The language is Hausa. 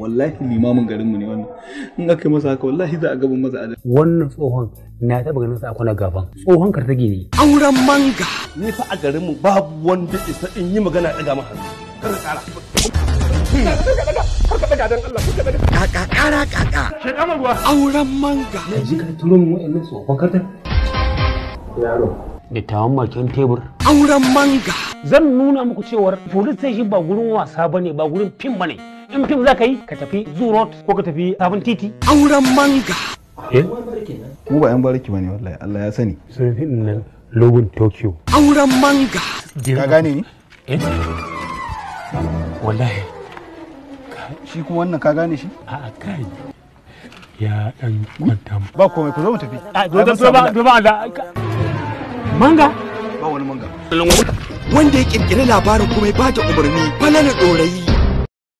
wallahi limamin garinmu ne wannan in aka yi masa haka wallahi za a gaban masa adalci wannan tsohon na taba ganin sa a kwana gaban tsohon kartagi ne auren manga ni fa a garinmu babu wanda isa in yi magana ɗaga ma hannu kar ka kara Kaka kara kaka. Shekama ruwa. Auren manga. ji ka turo min wa'annan tsohon kartan. Yaro. tawon bakin tebur. Auren manga. Zan nuna muku cewar police station ba gurin wasa bane ba gurin fim bane. in fim za ka yi ka tafi zoo road ko ka tafi sabon titi auren manga eh? mu ba yan bariki ne wallahi Allah ya sani sun fi nan logon tokyo auren manga ka gane ni eh? wallahi shi kuma wannan ka gane shi a'a kai ya dan kwanta ba komai ku zo mu tafi a ba ba manga ba wani manga wanda ya kirkiri labarin kuma ya bada umarni na dorayi